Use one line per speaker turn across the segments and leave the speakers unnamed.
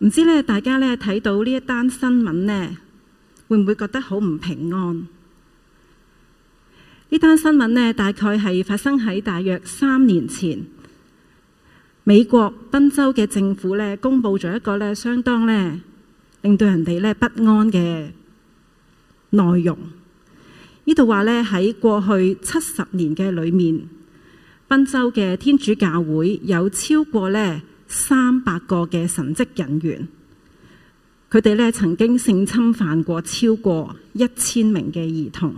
唔知咧，大家咧睇到呢一單新聞咧，會唔會覺得好唔平安？呢單新聞咧，大概係發生喺大約三年前，美國賓州嘅政府咧，公布咗一個咧，相當咧，令到人哋咧不安嘅內容。呢度話咧，喺過去七十年嘅裏面，賓州嘅天主教會有超過咧三百個嘅神職人員，佢哋咧曾經性侵犯過超過一千名嘅兒童。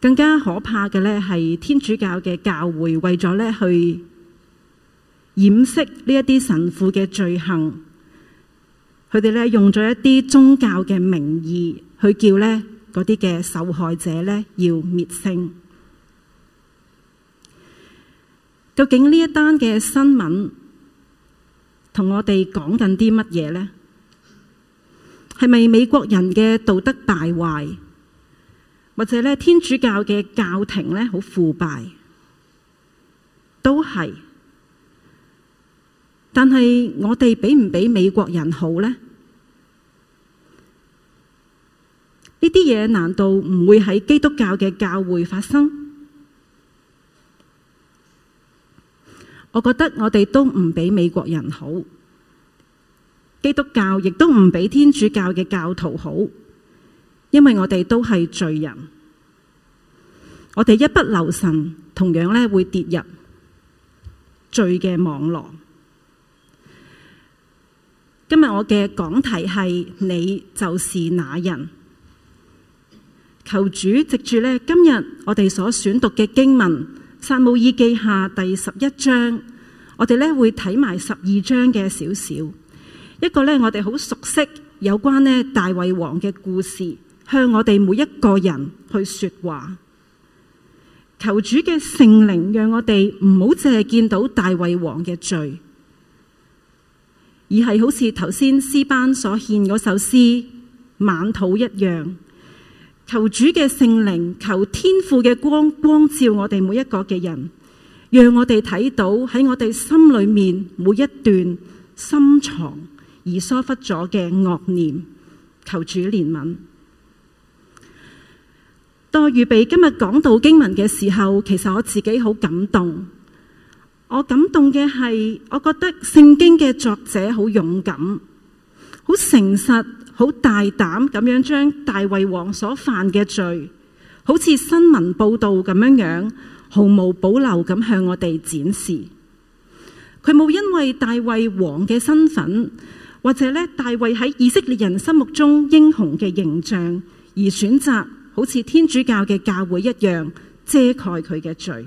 更加可怕嘅咧，係天主教嘅教會為咗咧去掩飾呢一啲神父嘅罪行，佢哋咧用咗一啲宗教嘅名義去叫呢嗰啲嘅受害者咧要滅聲。究竟呢一單嘅新聞同我哋講緊啲乜嘢呢？係咪美國人嘅道德敗壞，或者呢天主教嘅教廷呢好腐敗，都係。但係我哋比唔比美國人好呢？呢啲嘢難道唔會喺基督教嘅教會發生？我覺得我哋都唔比美國人好，基督教亦都唔比天主教嘅教徒好，因為我哋都係罪人，我哋一不留神，同樣呢會跌入罪嘅網絡。今日我嘅講題係你就是那人，求主藉住呢今日我哋所選讀嘅經文。撒母耳記下第十一章，我哋咧會睇埋十二章嘅少少一個呢，我哋好熟悉有關咧大衛王嘅故事，向我哋每一個人去說話。求主嘅聖靈，讓我哋唔好淨係見到大衛王嘅罪，而係好似頭先詩班所獻嗰首詩《滿土》一樣。求主嘅聖靈，求天父嘅光光照我哋每一個嘅人，讓我哋睇到喺我哋心裏面每一段深藏而疏忽咗嘅惡念，求主憐憫。當我預備今日講道經文嘅時候，其實我自己好感動。我感動嘅係，我覺得聖經嘅作者好勇敢，好誠實。好大膽咁樣將大衛王所犯嘅罪，好似新聞報道咁樣樣，毫無保留咁向我哋展示。佢冇因為大衛王嘅身份，或者呢大衛喺以色列人心目中英雄嘅形象，而選擇好似天主教嘅教會一樣遮蓋佢嘅罪。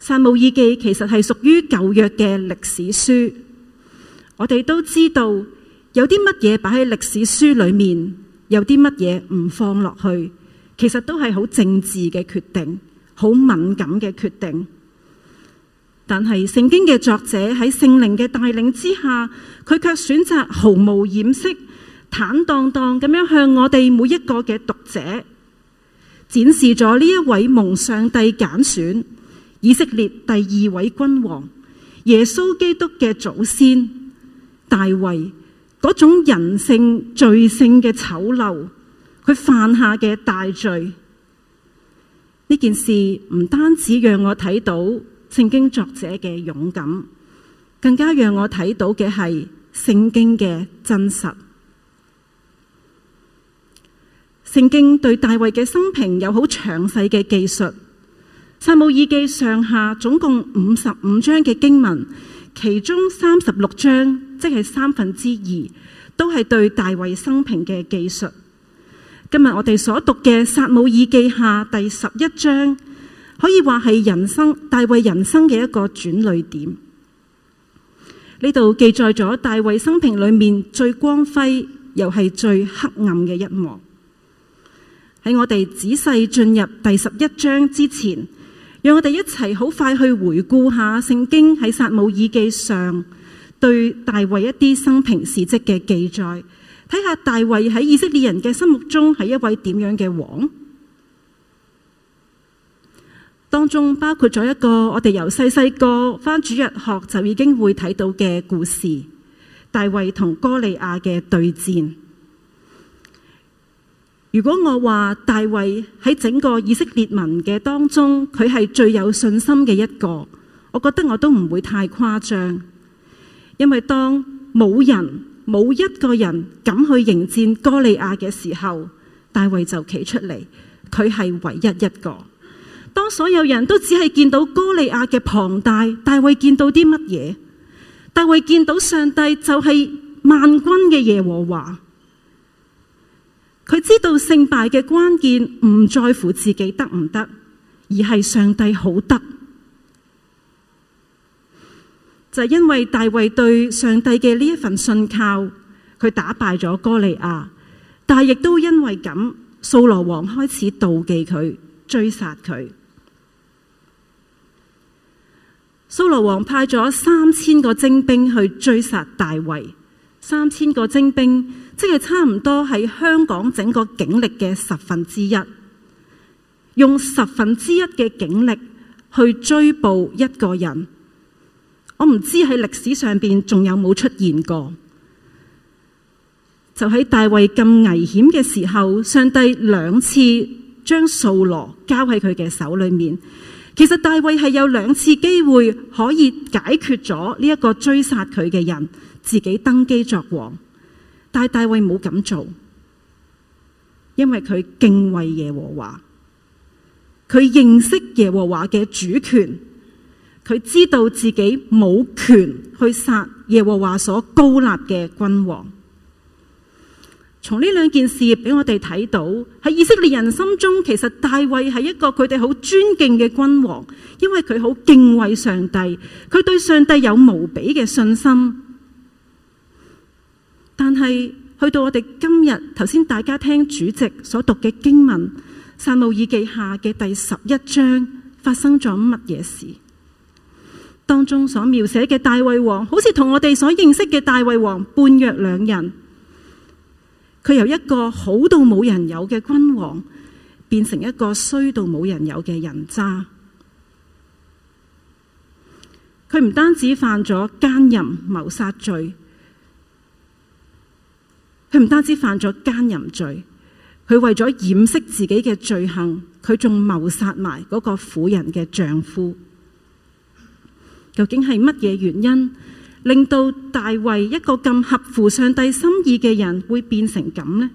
撒母耳記其實係屬於舊約嘅歷史書，我哋都知道。有啲乜嘢擺喺歷史書裏面，有啲乜嘢唔放落去，其實都係好政治嘅決定，好敏感嘅決定。但係聖經嘅作者喺聖靈嘅帶領之下，佢卻選擇毫無掩飾、坦蕩蕩咁樣向我哋每一個嘅讀者展示咗呢一位蒙上帝揀選以色列第二位君王、耶穌基督嘅祖先、大衛。嗰種人性罪性嘅醜陋，佢犯下嘅大罪，呢件事唔單止讓我睇到聖經作者嘅勇敢，更加讓我睇到嘅係聖經嘅真實。聖經對大衛嘅生平有好詳細嘅記述，《撒母耳記》上下總共五十五章嘅經文，其中三十六章。即係三分之二，都係對大衛生平嘅記述。今日我哋所讀嘅《撒母耳記下》第十一章，可以話係人生大衛人生嘅一個轉捩點。呢度記載咗大衛生平裏面最光輝又係最黑暗嘅一幕。喺我哋仔細進入第十一章之前，讓我哋一齊好快去回顧下聖經喺《撒母耳記上》對大衛一啲生平事跡嘅記載，睇下大衛喺以色列人嘅心目中係一位點樣嘅王？當中包括咗一個我哋由細細個翻主日學就已經會睇到嘅故事，大衛同哥利亞嘅對戰。如果我話大衛喺整個以色列文嘅當中，佢係最有信心嘅一個，我覺得我都唔會太誇張。因為當冇人，冇一個人敢去迎戰哥利亞嘅時候，大衛就企出嚟，佢係唯一一個。當所有人都只係見到哥利亞嘅龐大，大衛見到啲乜嘢？大衛見到上帝就係萬軍嘅耶和華。佢知道勝敗嘅關鍵唔在乎自己得唔得，而係上帝好得。就因為大衛對上帝嘅呢一份信靠，佢打敗咗哥利亞，但係亦都因為咁，掃羅王開始妒忌佢，追殺佢。掃羅王派咗三千個精兵去追殺大衛，三千個精兵即係差唔多喺香港整個警力嘅十分之一，用十分之一嘅警力去追捕一個人。我唔知喺歷史上邊仲有冇出現過。就喺大衛咁危險嘅時候，上帝兩次將掃羅交喺佢嘅手裏面。其實大衛係有兩次機會可以解決咗呢一個追殺佢嘅人，自己登基作王。但大衛冇噉做，因為佢敬畏耶和華，佢認識耶和華嘅主權。佢知道自己冇權去殺耶和華所高立嘅君王。從呢兩件事俾我哋睇到，喺以色列人心中，其實大衛係一個佢哋好尊敬嘅君王，因為佢好敬畏上帝，佢對上帝有無比嘅信心。但係去到我哋今日，頭先大家聽主席所讀嘅經文《撒母耳記下》嘅第十一章，發生咗乜嘢事？當中所描寫嘅大衛王，好似同我哋所認識嘅大衛王判若兩人。佢由一個好到冇人有嘅君王，變成一個衰到冇人有嘅人渣。佢唔單止犯咗奸淫謀殺罪，佢唔單止犯咗奸淫罪，佢為咗掩飾自己嘅罪行，佢仲謀殺埋嗰個婦人嘅丈夫。究竟係乜嘢原因令到大衛一個咁合乎上帝心意嘅人會變成咁呢？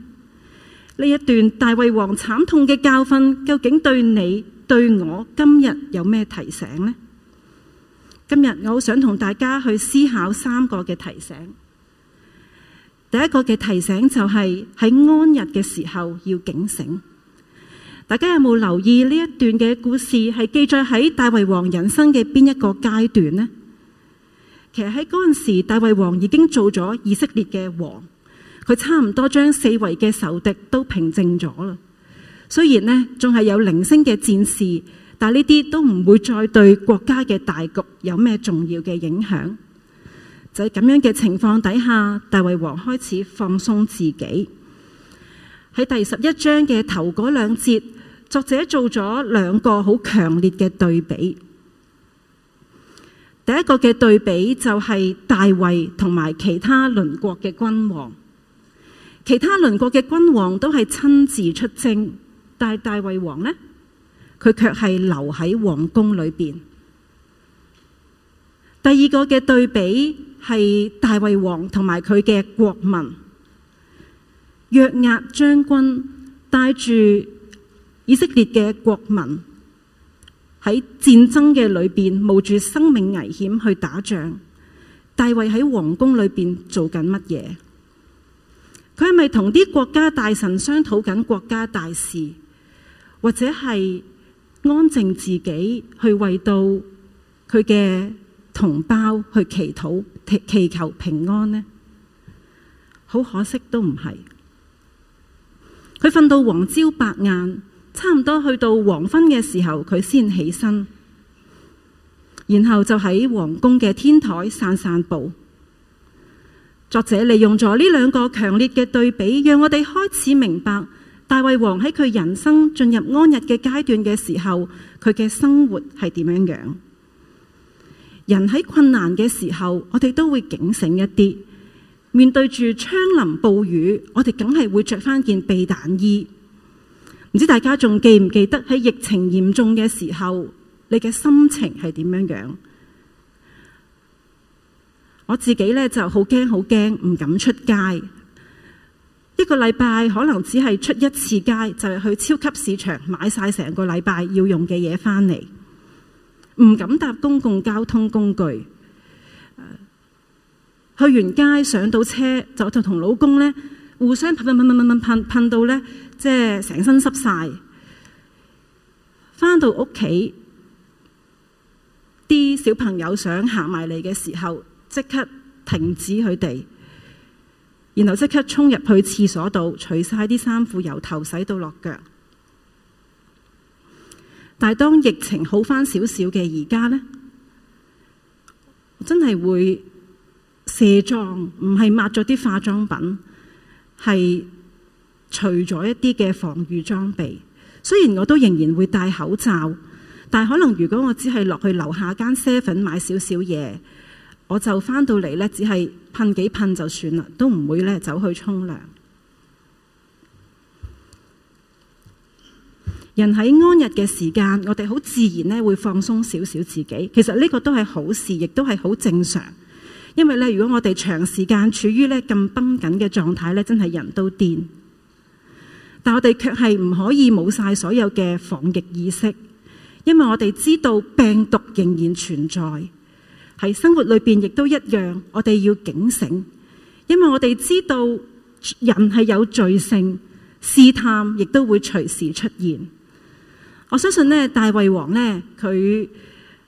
呢一段大衛王慘痛嘅教訓，究竟對你對我今日有咩提醒呢？今日我好想同大家去思考三個嘅提醒。第一個嘅提醒就係、是、喺安逸嘅時候要警醒。大家有冇留意呢一段嘅故事係記載喺大衛王人生嘅邊一個階段呢？其實喺嗰陣時，大衛王已經做咗以色列嘅王，佢差唔多將四圍嘅仇敵都平靜咗啦。雖然呢仲係有零星嘅戰事，但係呢啲都唔會再對國家嘅大局有咩重要嘅影響。就係咁樣嘅情況底下，大衛王開始放鬆自己。喺第十一章嘅頭嗰兩節，作者做咗兩個好強烈嘅對比。第一個嘅對比就係大衛同埋其他鄰國嘅君王，其他鄰國嘅君王都係親自出征，但係大衛王呢，佢卻係留喺皇宮裏邊。第二個嘅對比係大衛王同埋佢嘅國民。約押將軍帶住以色列嘅國民喺戰爭嘅裏邊冒住生命危險去打仗。大衛喺皇宮裏邊做緊乜嘢？佢係咪同啲國家大臣商討緊國家大事，或者係安靜自己去為到佢嘅同胞去祈禱祈求平安呢？好可惜都，都唔係。佢瞓到黃朝白晏，差唔多去到黃昏嘅時候，佢先起身，然後就喺皇宮嘅天台散散步。作者利用咗呢兩個強烈嘅對比，讓我哋開始明白大衛王喺佢人生進入安逸嘅階段嘅時候，佢嘅生活係點樣樣。人喺困難嘅時候，我哋都會警醒一啲。面對住槍林暴雨，我哋梗係會着翻件避彈衣。唔知大家仲記唔記得喺疫情嚴重嘅時候，你嘅心情係點樣樣？我自己呢就好驚好驚，唔敢出街。一個禮拜可能只係出一次街，就係去超級市場買晒成個禮拜要用嘅嘢返嚟，唔敢搭公共交通工具。去完街上到車就同老公呢互相噴噴噴噴噴噴噴到呢，即係成身濕晒。返到屋企，啲小朋友想行埋嚟嘅時候，即刻停止佢哋，然後即刻衝入去廁所度，除晒啲衫褲，由頭洗到落腳。但係當疫情好翻少少嘅而家呢，真係會。卸妝唔係抹咗啲化妝品，係除咗一啲嘅防禦裝備。雖然我都仍然會戴口罩，但可能如果我只係落去樓下間 seven 買少少嘢，我就返到嚟呢，只係噴幾噴就算啦，都唔會呢走去沖涼。人喺安逸嘅時間，我哋好自然呢會放鬆少少自己。其實呢個都係好事，亦都係好正常。因為咧，如果我哋長時間處於咧咁繃緊嘅狀態，真係人都癲。但我哋卻係唔可以冇晒所有嘅防疫意識，因為我哋知道病毒仍然存在喺生活裏面，亦都一樣。我哋要警醒，因為我哋知道人係有罪性，試探亦都會隨時出現。我相信咧，大衛王咧佢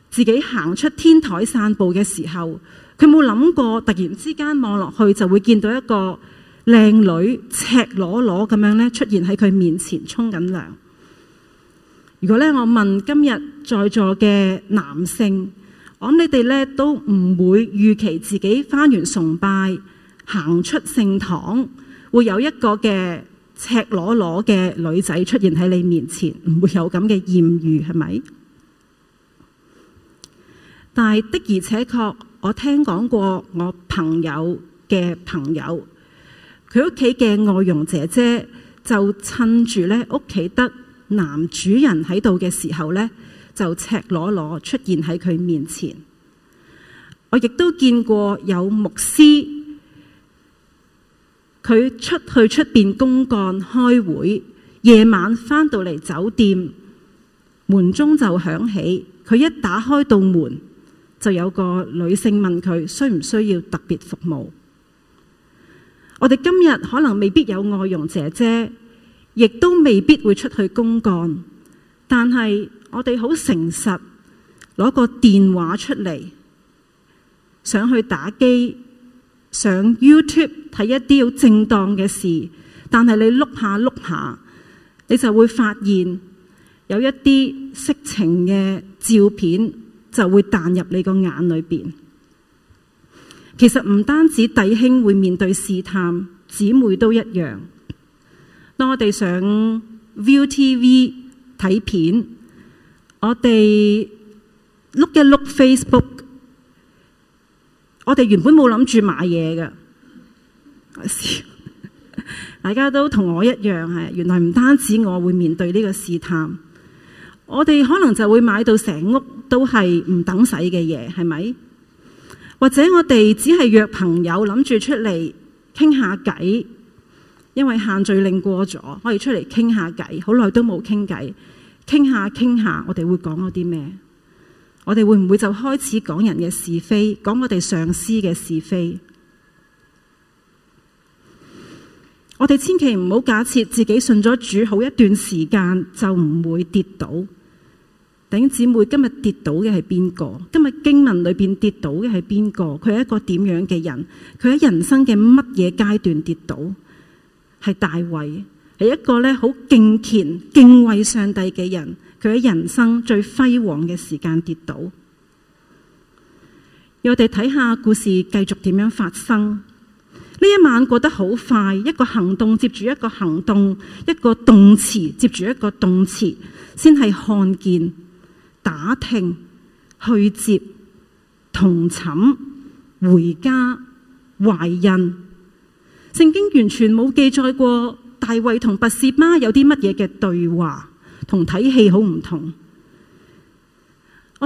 自己行出天台散步嘅時候。佢冇諗過，突然之間望落去就會見到一個靚女赤裸裸咁樣出現喺佢面前沖緊涼。如果咧，我問今日在座嘅男性，我諗你哋咧都唔會預期自己返完崇拜行出聖堂會有一個嘅赤裸裸嘅女仔出現喺你面前，唔會有咁嘅艷遇，係咪？但係的而且確。我聽講過，我朋友嘅朋友，佢屋企嘅外傭姐姐就趁住咧屋企得男主人喺度嘅時候咧，就赤裸裸出現喺佢面前。我亦都見過有牧師，佢出去出邊公幹開會，夜晚翻到嚟酒店，門鐘就響起，佢一打開道門。就有個女性問佢需唔需要特別服務。我哋今日可能未必有外傭姐姐，亦都未必會出去公幹。但係我哋好誠實攞個電話出嚟，想去打機，上 YouTube 睇一啲好正當嘅事，但係你碌下碌下，你就會發現有一啲色情嘅照片。就會彈入你個眼裏邊。其實唔單止弟兄會面對試探，姊妹都一樣。當我哋上 View TV 睇片，我哋碌一碌 Facebook，我哋原本冇諗住買嘢㗎， 大家都同我一樣係，原來唔單止我會面對呢個試探。我哋可能就會買到成屋都係唔等使嘅嘢，係咪？或者我哋只係約朋友諗住出嚟傾下偈，因為限聚令過咗，我哋出嚟傾下偈，好耐都冇傾偈，傾下傾下，我哋會講嗰啲咩？我哋會唔會就開始講人嘅是非，講我哋上司嘅是非？我哋千祈唔好假設自己信咗主好一段時間就唔會跌倒。弟兄姊妹，今日跌倒嘅係邊個？今日經文裏邊跌倒嘅係邊個？佢係一個點樣嘅人？佢喺人生嘅乜嘢階段跌倒？係大衛，係一個咧好敬虔、敬畏上帝嘅人。佢喺人生最輝煌嘅時間跌倒。要我哋睇下故事繼續點樣發生。呢一晚過得好快，一個行動接住一個行動，一個動詞接住一個動詞，先係看見、打聽、去接、同寢、回家、懷孕。聖經完全冇記載過大衛同拔示巴有啲乜嘢嘅對話，同睇戲好唔同。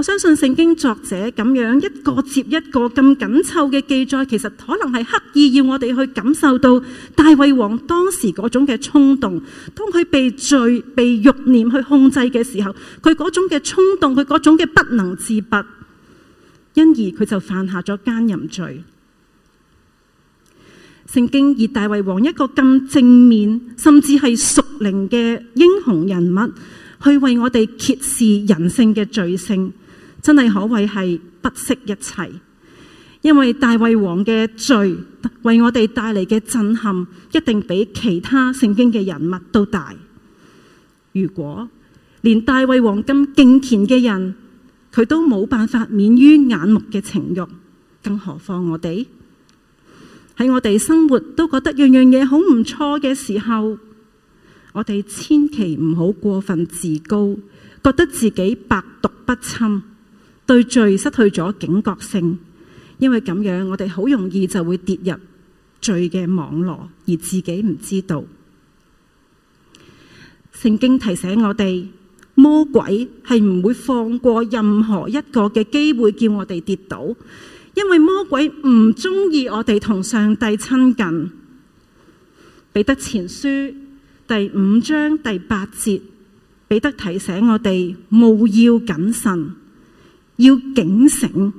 我相信聖經作者咁樣一個接一個咁緊湊嘅記載，其實可能係刻意要我哋去感受到大衛王當時嗰種嘅衝動。當佢被罪、被欲念去控制嘅時候，佢嗰種嘅衝動，佢嗰種嘅不能自拔，因而佢就犯下咗奸淫罪。聖經以大衛王一個咁正面，甚至係屬靈嘅英雄人物，去為我哋揭示人性嘅罪性。真係可謂係不惜一切，因為大衛王嘅罪為我哋帶嚟嘅震撼，一定比其他聖經嘅人物都大。如果連大衛王咁敬虔嘅人，佢都冇辦法免於眼目嘅情慾，更何況我哋喺我哋生活都覺得樣樣嘢好唔錯嘅時候，我哋千祈唔好過分自高，覺得自己百毒不侵。對罪失去咗警覺性，因為咁樣，我哋好容易就會跌入罪嘅網絡，而自己唔知道。聖經提醒我哋，魔鬼係唔會放過任何一個嘅機會，叫我哋跌倒，因為魔鬼唔中意我哋同上帝親近。彼得前書第五章第八節，彼得提醒我哋，務要謹慎。要警醒，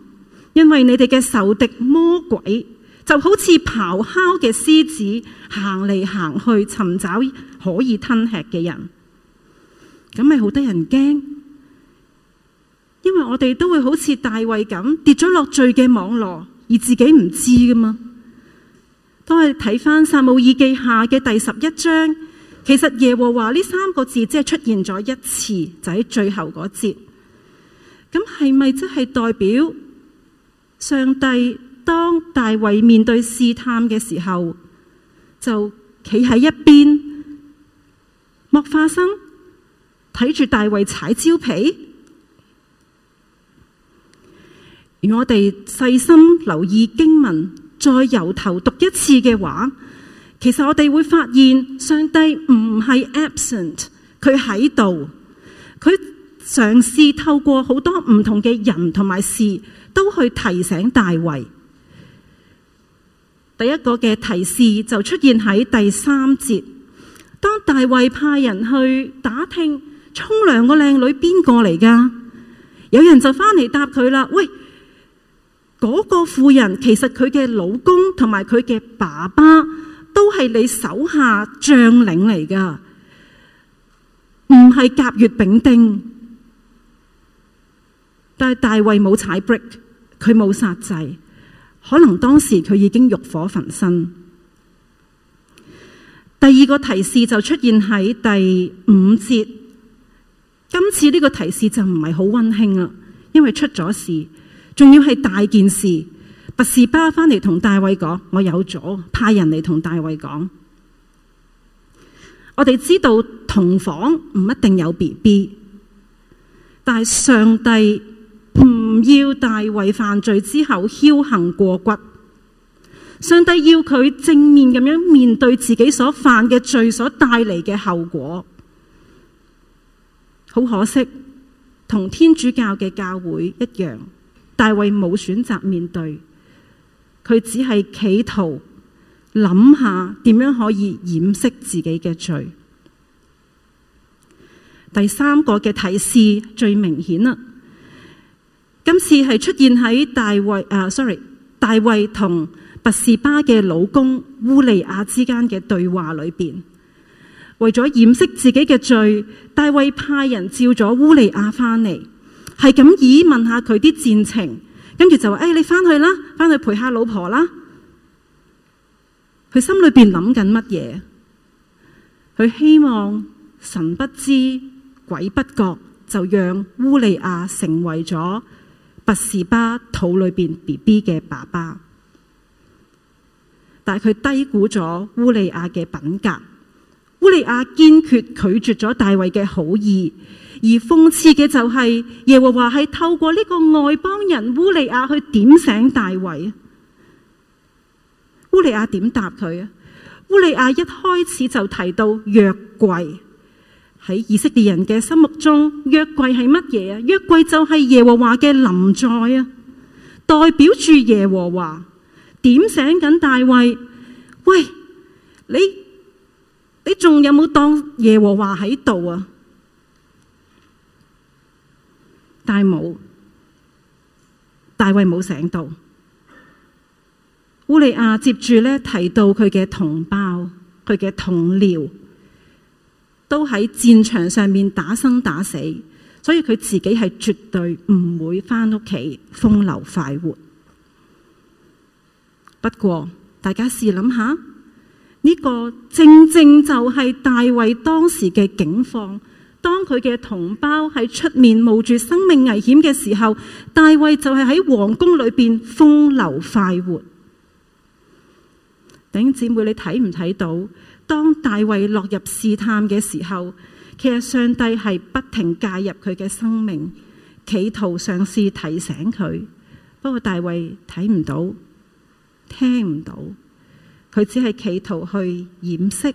因為你哋嘅仇敵魔鬼就好似咆哮嘅獅子，行嚟行去尋找可以吞吃嘅人，咁咪好得人驚。因為我哋都會好似大衛咁跌咗落罪嘅網絡，而自己唔知噶嘛。當我哋睇翻撒母耳記下嘅第十一章，其實耶和華呢三個字即係出現咗一次，就喺最後嗰節。咁係咪即係代表上帝當大衛面對試探嘅時候，就企喺一邊，莫花生，睇住大衛踩蕉皮？如果我哋細心留意經文，再由頭讀一次嘅話，其實我哋會發現上帝唔係 absent，佢喺度，佢。嘗試透過好多唔同嘅人同埋事，都去提醒大衛。第一個嘅提示就出現喺第三節。當大衛派人去打聽沖涼個靚女邊個嚟噶，有人就翻嚟答佢啦。喂，嗰、那個婦人其實佢嘅老公同埋佢嘅爸爸都係你手下將領嚟噶，唔係甲乙丙丁。但大衛冇踩 brake，佢冇殺制，可能當時佢已經慾火焚身。第二個提示就出現喺第五節。今次呢個提示就唔係好溫馨啦，因為出咗事，仲要係大件事。拔士巴翻嚟同大衛講：我有咗，派人嚟同大衛講。我哋知道同房唔一定有 BB，但上帝。唔要大衛犯罪之後僥倖過骨，上帝要佢正面咁樣面對自己所犯嘅罪所帶嚟嘅後果。好可惜，同天主教嘅教會一樣，大衛冇選擇面對，佢只係企圖諗下點樣可以掩飾自己嘅罪。第三個嘅提示最明顯啦。今次係出現喺大衛啊，uh，sorry，大衛同拔士巴嘅老公烏利亞之間嘅對話裏邊，為咗掩飾自己嘅罪，大衛派人召咗烏利亞翻嚟，係咁意問下佢啲戰情，跟住就話：誒，哎，你翻去啦，翻去陪下老婆啦。佢心裏邊諗緊乜嘢？佢希望神不知鬼不覺，就讓烏利亞成為咗。拔士巴肚裏邊 B B 嘅爸爸，但佢低估咗烏利亞嘅品格。烏利亞堅決拒絕咗大衛嘅好意，而諷刺嘅就係、是、耶和華係透過呢個外邦人烏利亞去點醒大衛。烏利亞點答佢啊？烏利亞一開始就提到約櫃。喺以色列人嘅心目中，約櫃係乜嘢啊？約櫃就係耶和華嘅臨在啊，代表住耶和華點醒緊大衛。喂，你你仲有冇當耶和華喺度啊？但係冇，大衛冇醒到。烏利亞接住呢，提到佢嘅同胞，佢嘅同僚。都喺戰場上面打生打死，所以佢自己係絕對唔會翻屋企風流快活。不過大家試諗下，呢個正正就係大衛當時嘅境況。當佢嘅同胞喺出面冒住生命危險嘅時候，大衛就係喺皇宮裏邊風流快活。頂姊妹，你睇唔睇到？當大衛落入試探嘅時候，其實上帝係不停介入佢嘅生命，企圖嘗試提醒佢。不過大衛睇唔到，聽唔到，佢只係企圖去掩飾。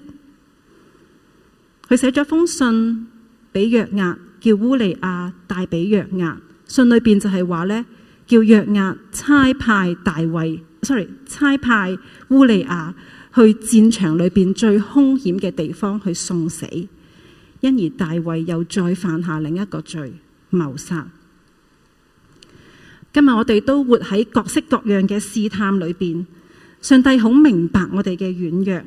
佢寫咗封信俾約押，叫烏利亞帶俾約押。信裏邊就係話呢，叫約押差派大衛，sorry，差派烏利亞。去戰場裏邊最兇險嘅地方去送死，因而大衛又再犯下另一個罪，謀殺。今日我哋都活喺各式各樣嘅試探裏邊，上帝好明白我哋嘅軟弱。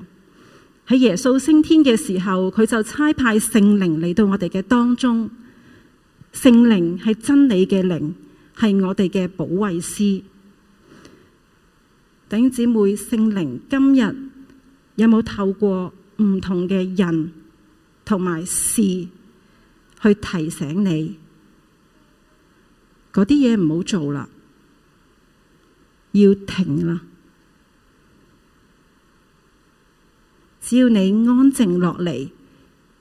喺耶穌升天嘅時候，佢就差派聖靈嚟到我哋嘅當中，聖靈係真理嘅靈，係我哋嘅保衛師。弟兄姊妹，聖靈今日。有冇透過唔同嘅人同埋事去提醒你？嗰啲嘢唔好做啦，要停啦。只要你安靜落嚟，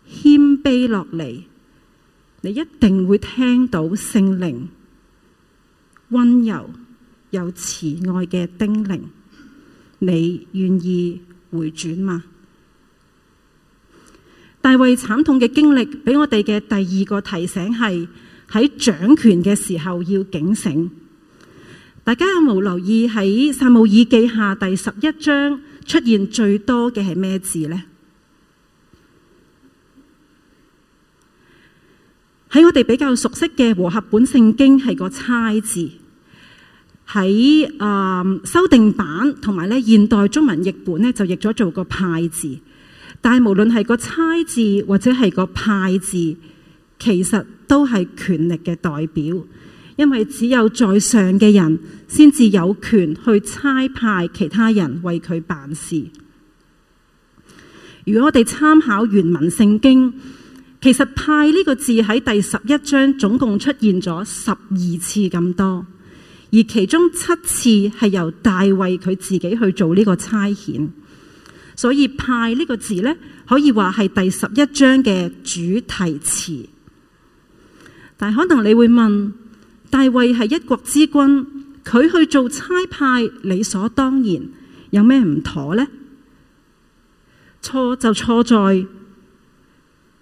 謙卑落嚟，你一定會聽到聖靈温柔又慈愛嘅叮嚀。你願意？回轉嘛？大衛慘痛嘅經歷俾我哋嘅第二個提醒係：喺掌權嘅時候要警醒。大家有冇留意喺撒母耳記下第十一章出現最多嘅係咩字呢？喺我哋比較熟悉嘅和合本聖經係個「差」字。喺誒、嗯、修訂版同埋咧，現代中文譯本咧就譯咗做個派字。但係無論係個差字或者係個派字，其實都係權力嘅代表，因為只有在上嘅人先至有權去差派其他人為佢辦事。如果我哋參考原文聖經，其實派呢個字喺第十一章總共出現咗十二次咁多。而其中七次係由大衛佢自己去做呢個差遣，所以派呢個字呢，可以話係第十一章嘅主題詞。但可能你會問：大衛係一國之君，佢去做差派理所當然，有咩唔妥呢？錯就錯在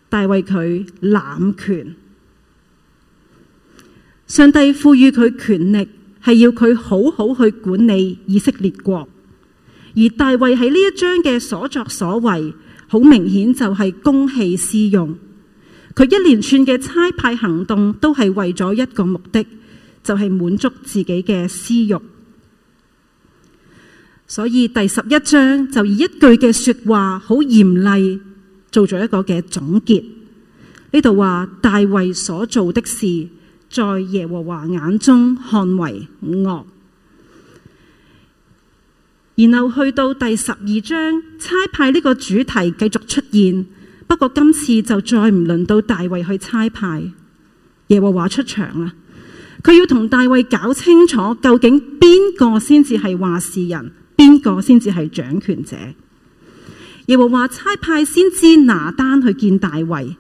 大衛佢濫權，上帝賦予佢權力。係要佢好好去管理以色列國，而大衛喺呢一章嘅所作所為，好明顯就係公器私用。佢一連串嘅差派行動都係為咗一個目的，就係、是、滿足自己嘅私欲。所以第十一章就以一句嘅說話好嚴厲，做咗一個嘅總結。呢度話大衛所做的事。在耶和華眼中看為惡。然後去到第十二章，差派呢個主題繼續出現。不過今次就再唔輪到大衛去差派，耶和華出場啦。佢要同大衛搞清楚，究竟邊個先至係話事人，邊個先至係掌權者。耶和華差派先知拿單去見大衛。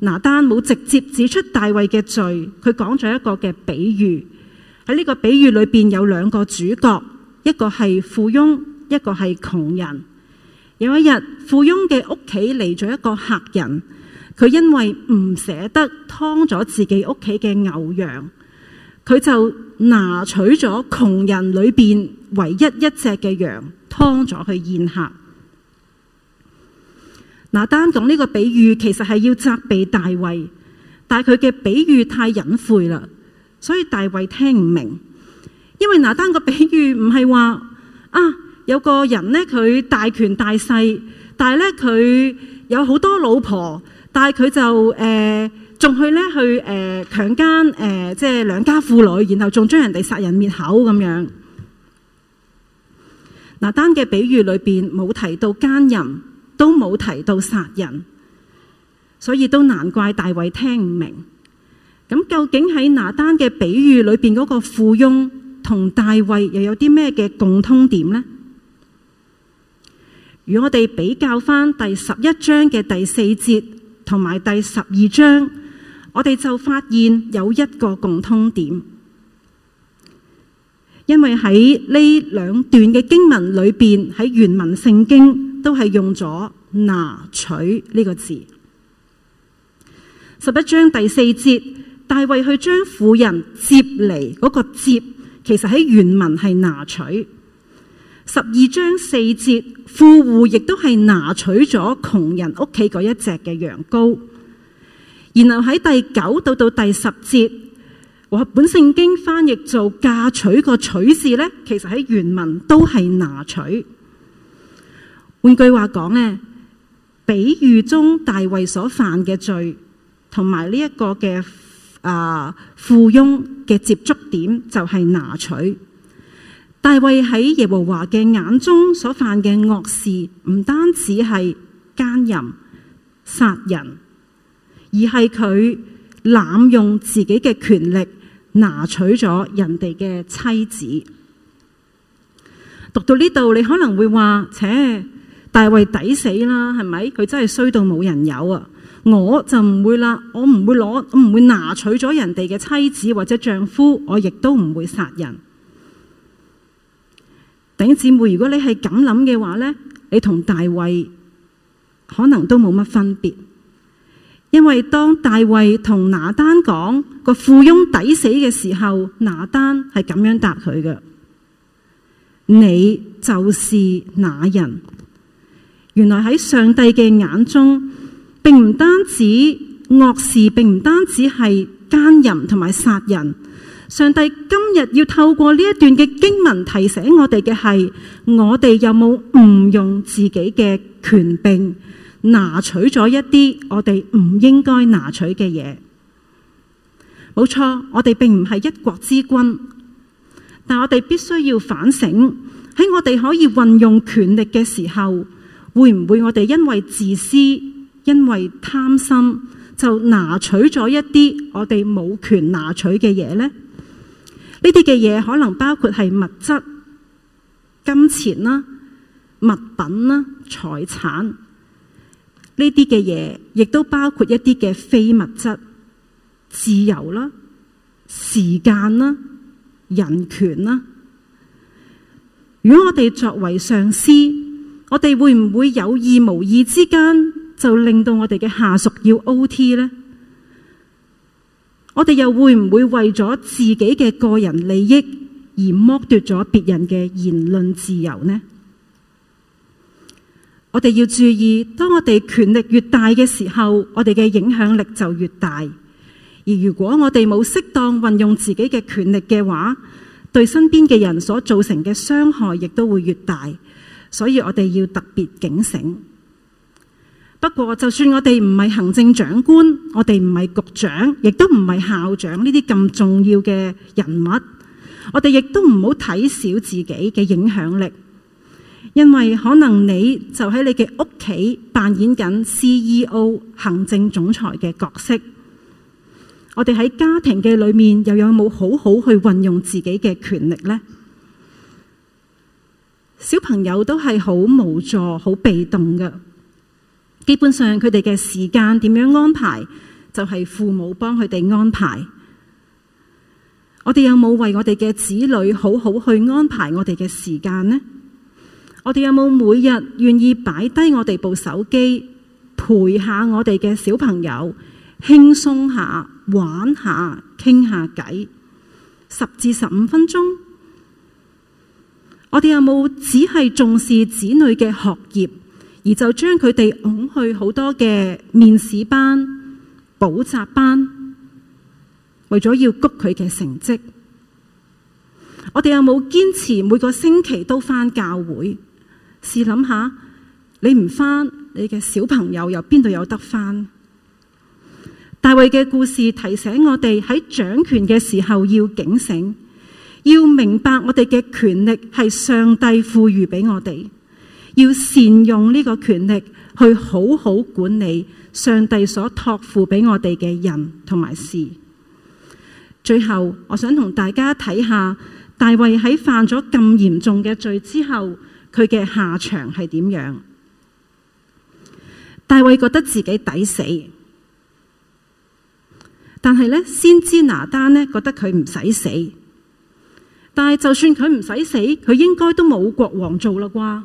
拿單冇直接指出大衛嘅罪，佢講咗一個嘅比喻。喺呢個比喻裏邊有兩個主角，一個係富翁，一個係窮人。有一日，富翁嘅屋企嚟咗一個客人，佢因為唔捨得劏咗自己屋企嘅牛羊，佢就拿取咗窮人裏邊唯一一隻嘅羊，劏咗去宴客。嗱，拿丹講呢個比喻其實係要責備大衛，但係佢嘅比喻太隱晦啦，所以大衛聽唔明。因為拿丹個比喻唔係話有個人呢，佢大權大勢，但係咧佢有好多老婆，但係佢就仲、呃、去咧去誒強姦即係兩家婦女，然後仲將人哋殺人滅口咁樣。拿丹嘅比喻裏面冇提到姦淫。都冇提到殺人，所以都難怪大衛聽唔明。咁究竟喺拿單嘅比喻裏邊嗰個富翁同大衛又有啲咩嘅共通點呢？如果我哋比較翻第十一章嘅第四節同埋第十二章，我哋就發現有一個共通點，因為喺呢兩段嘅經文裏邊喺原文聖經，都係用咗拿取呢個字。十一章第四節，大衛去將婦人接嚟嗰個接，其實喺原文係拿取。十二章四節，富戶亦都係拿取咗窮人屋企嗰一隻嘅羊羔。然後喺第九到到第十節，和合本聖經翻譯做嫁娶個取字呢，其實喺原文都係拿取。換句話講呢，比喻中大衛所犯嘅罪，同埋呢一個嘅啊，富翁嘅接觸點就係拿取。大衛喺耶和華嘅眼中所犯嘅惡事，唔單止係奸淫、殺人，而係佢濫用自己嘅權力拿取咗人哋嘅妻子。讀到呢度，你可能會話：切！大衛抵死啦，係咪佢真係衰到冇人有啊？我就唔會啦，我唔會攞，我唔會拿取咗人哋嘅妻子或者丈夫，我亦都唔會殺人。弟兄姊妹，如果你係咁諗嘅話呢，你同大衛可能都冇乜分別，因為當大衛同拿單講個富翁抵死嘅時候，拿單係咁樣答佢嘅：嗯、你就是那人。原來喺上帝嘅眼中，並唔單止惡事，並唔單止係奸淫同埋殺人。上帝今日要透過呢一段嘅經文提醒我哋嘅係，我哋有冇誤用自己嘅權柄，拿取咗一啲我哋唔應該拿取嘅嘢？冇錯，我哋並唔係一國之君，但我哋必須要反省喺我哋可以運用權力嘅時候。會唔會我哋因為自私、因為貪心，就拿取咗一啲我哋冇權拿取嘅嘢呢？呢啲嘅嘢可能包括係物質、金錢啦、物品啦、財產呢啲嘅嘢，亦都包括一啲嘅非物質、自由啦、時間啦、人權啦。如果我哋作為上司，我哋會唔會有意無意之間就令到我哋嘅下屬要 OT 呢？我哋又會唔會為咗自己嘅個人利益而剝奪咗別人嘅言論自由呢？我哋要注意，當我哋權力越大嘅時候，我哋嘅影響力就越大。而如果我哋冇適當運用自己嘅權力嘅話，對身邊嘅人所造成嘅傷害亦都會越大。所以我哋要特別警醒。不過，就算我哋唔係行政長官，我哋唔係局長，亦都唔係校長呢啲咁重要嘅人物，我哋亦都唔好睇小自己嘅影響力。因為可能你就喺你嘅屋企扮演緊 CEO 行政總裁嘅角色，我哋喺家庭嘅裏面又有冇好好去運用自己嘅權力呢？小朋友都係好無助、好被動嘅。基本上佢哋嘅時間點樣安排，就係父母幫佢哋安排。我哋有冇為我哋嘅子女好好去安排我哋嘅時間呢？我哋有冇每日願意擺低我哋部手機，陪下我哋嘅小朋友，輕鬆下玩下，傾下偈，十至十五分鐘？我哋有冇只係重視子女嘅學業，而就將佢哋拱去好多嘅面試班、補習班，為咗要谷佢嘅成績？我哋有冇堅持每個星期都返教會？試諗下，你唔返，你嘅小朋友又邊度有得返？大衛嘅故事提醒我哋喺掌權嘅時候要警醒。要明白，我哋嘅權力係上帝賦予俾我哋，要善用呢個權力去好好管理上帝所託付俾我哋嘅人同埋事。最後，我想同大家睇下大衛喺犯咗咁嚴重嘅罪之後，佢嘅下場係點樣？大衛覺得自己抵死，但係呢，先知拿單呢覺得佢唔使死。但係，就算佢唔使死，佢應該都冇國王做啦啩？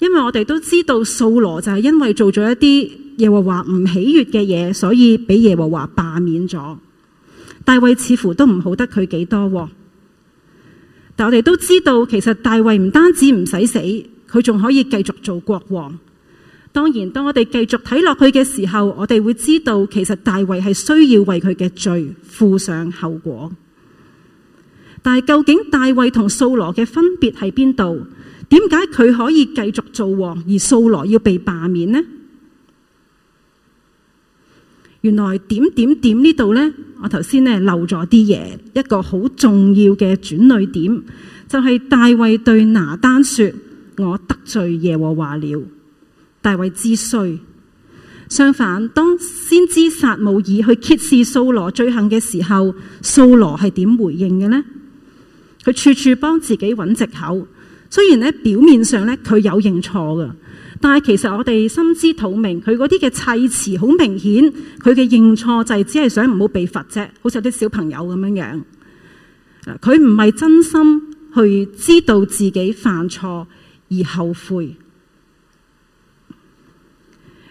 因為我哋都知道，掃羅就係因為做咗一啲耶和華唔喜悅嘅嘢，所以俾耶和華罷免咗。大衛似乎都唔好得佢幾多，但我哋都知道，其實大衛唔單止唔使死，佢仲可以繼續做國王。當然，當我哋繼續睇落去嘅時候，我哋會知道，其實大衛係需要為佢嘅罪負上後果。但係，究竟大衛同掃羅嘅分別喺邊度？點解佢可以繼續做王，而掃羅要被罷免呢？原來點點點呢度呢？我頭先呢漏咗啲嘢，一個好重要嘅轉捩點就係、是、大衛對拿單說我得罪耶和華了。大衛知衰相反，當先知撒母耳去揭示掃羅罪行嘅時候，掃羅係點回應嘅呢？佢處處幫自己揾藉口，雖然咧表面上咧佢有認錯噶，但係其實我哋心知肚明，佢嗰啲嘅砌詞好明顯，佢嘅認錯就係只係想唔好被罰啫，好似有啲小朋友咁樣樣。佢唔係真心去知道自己犯錯而後悔。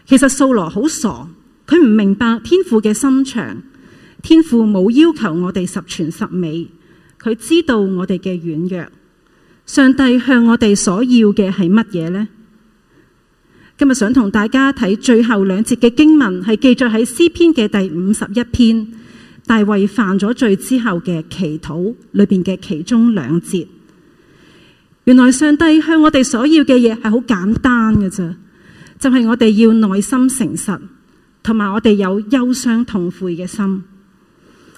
其實掃羅好傻，佢唔明白天父嘅心腸，天父冇要求我哋十全十美。佢知道我哋嘅軟弱，上帝向我哋所要嘅係乜嘢呢？今日想同大家睇最後兩節嘅經文，係記載喺詩篇嘅第五十一篇，大衛犯咗罪之後嘅祈禱裏邊嘅其中兩節。原來上帝向我哋所要嘅嘢係好簡單嘅啫，就係我哋要內心誠實，同埋我哋有憂傷痛悔嘅心。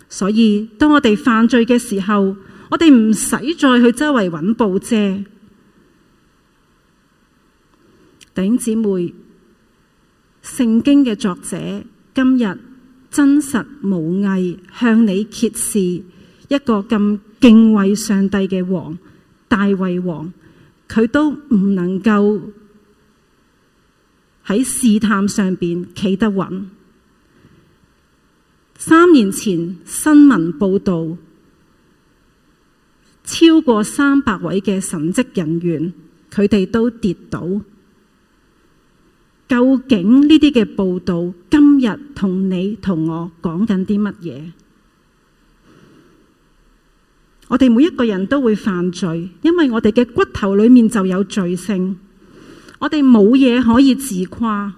所以，當我哋犯罪嘅時候，我哋唔使再去周圍揾報借。弟兄姊妹，聖經嘅作者今日真實無偽，向你揭示一個咁敬畏上帝嘅王大衛王，佢都唔能夠喺試探上邊企得穩。三年前新聞報導，超過三百位嘅神職人員，佢哋都跌倒。究竟呢啲嘅報導，今日同你同我講緊啲乜嘢？我哋每一個人都會犯罪，因為我哋嘅骨頭裡面就有罪性。我哋冇嘢可以自誇。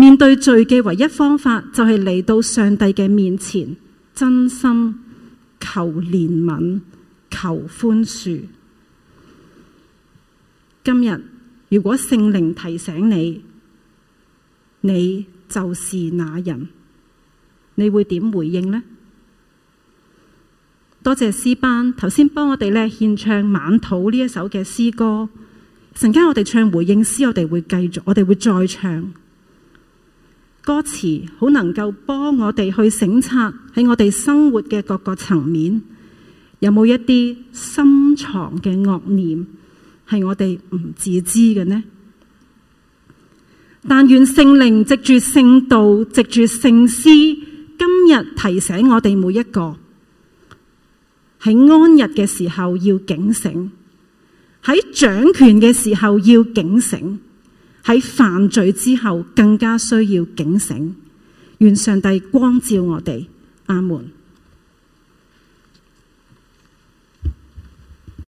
面對罪嘅唯一方法就係、是、嚟到上帝嘅面前，真心求憐憫、求寬恕。今日如果聖靈提醒你，你就是那人，你會點回應呢？多謝詩班頭先幫我哋咧獻唱《滿土》呢一首嘅詩歌。陣間，我哋唱回應詩，我哋會繼續，我哋會再唱。歌詞好能夠幫我哋去省察，喺我哋生活嘅各個層面，有冇一啲深藏嘅惡念係我哋唔自知嘅呢？但願聖靈藉住聖道、藉住聖詩，今日提醒我哋每一個，喺安逸嘅時候要警醒，喺掌權嘅時候要警醒，喺犯罪之後更加需要警醒，願上帝光照我哋阿門。